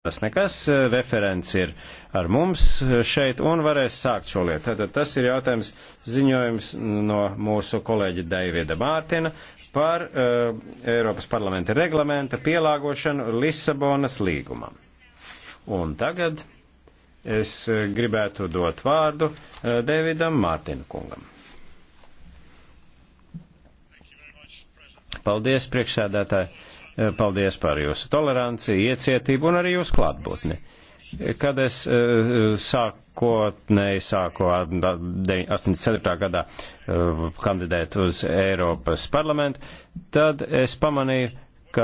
Tas nekas, referents ir ar mums šeit un varēs sākt šo lietu. Tātad tas ir jautājums ziņojums no mūsu kolēģa Daivida Mārtina par uh, Eiropas parlamenta reglamenta pielāgošanu Lisabonas līgumam. Un tagad es uh, gribētu dot vārdu uh, Davidam Mārtina kungam. Paldies, priekšsēdētāji. Eh, paldies par jūsu toleranci, iecietību un arī jūsu klātbūtni. Kad es eh, sākotnēji sāku 84. gadā eh, kandidēt uz Eiropas parlamentu, tad es pamanīju,